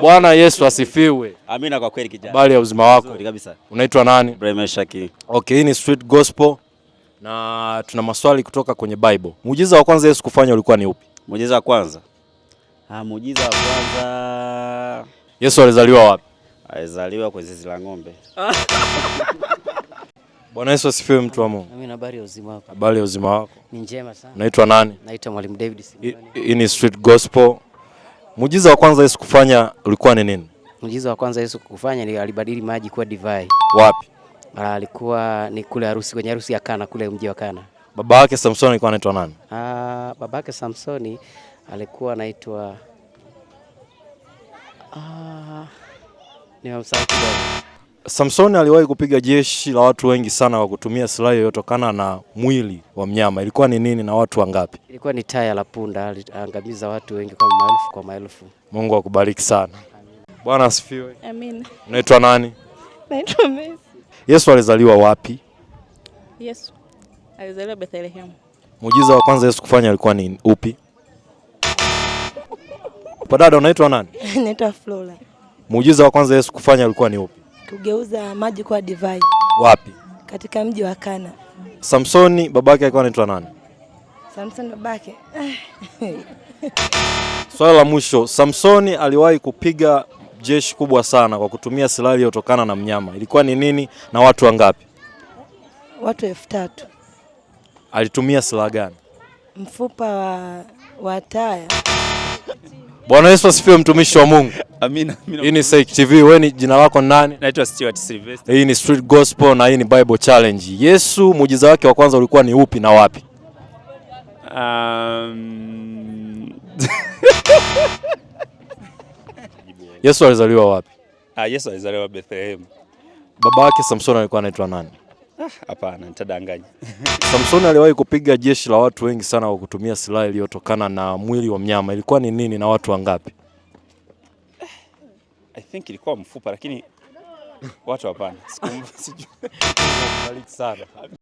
Bwana Yesu asifiwe. Amina. Kwa kweli kijana, Bali ya uzima wako? Kabisa. Unaitwa nani? Ibrahim Shaki. Okay, hii ni Street Gospel na tuna maswali kutoka kwenye Bible. Muujiza wa kwanza Yesu kufanya ulikuwa ni upi? Muujiza wa kwanza. Ah, muujiza wa kwanza. Yesu alizaliwa wapi? Alizaliwa kwa zizi la ng'ombe. Bwana Yesu asifiwe mtu wa Mungu. Amina, habari ya uzima wako? Habari ya uzima wako? Ni njema sana. Unaitwa nani? Naitwa Mwalimu David Simoni. Hii ni Street Gospel. Muujiza wa kwanza Yesu kufanya ulikuwa ni nini? Muujiza wa kwanza Yesu kufanya ni alibadili maji kuwa divai. Wapi? Ah, alikuwa ni kule harusi, kwenye harusi ya Kana, kule mji wa Kana. Baba yake Samsoni alikuwa anaitwa nani? Ah, baba yake Samsoni alikuwa anaitwa ah, ni msaidizi Samson aliwahi kupiga jeshi la watu wengi sana kwa kutumia silaha iliyotokana na mwili wa mnyama. Ilikuwa ni nini na watu wangapi? Ilikuwa ni taya la punda, aliangamiza watu wengi kwa maelfu kwa maelfu. Mungu akubariki sana. Bwana asifiwe. Amina. Unaitwa nani? Naitwa Messi. Yesu alizaliwa wapi? Yesu alizaliwa Bethlehem. Muujiza wa kwanza Yesu kufanya alikuwa ni upi? Padada, unaitwa nani? Naitwa Flora. Muujiza wa kwanza Yesu kufanya alikuwa ni upi? kugeuza maji kuwa divai. Wapi? Katika mji wa Kana. Samsoni babake alikuwa anaitwa nani? Samsoni babake. Swala la mwisho, Samsoni aliwahi kupiga jeshi kubwa sana kwa kutumia silaha iliyotokana na mnyama. Ilikuwa ni nini na watu wangapi? Watu elfu tatu. Alitumia silaha gani? Mfupa wa, wa taya. Bwana Yesu asifiwe, mtumishi wa Mungu. Amina. Amina. Hii ni SEIC TV, wewe ni jina lako nani? Naitwa Stuart Sylvester. Hii ni Street Gospel na hii ni Bible Challenge. Yesu muujiza wake wa kwanza ulikuwa ni upi na wapi? Um... Yesu alizaliwa wapi? Ah, Yesu alizaliwa Bethlehem. Baba yake Samson alikuwa anaitwa nani? Hapana, nitadanganya. Samsoni aliwahi kupiga jeshi la watu wengi sana kwa kutumia silaha iliyotokana na mwili wa mnyama. Ilikuwa ni nini na watu wangapi? I think ilikuwa mfupa, lakini watu hapana. Sikumbuki sana.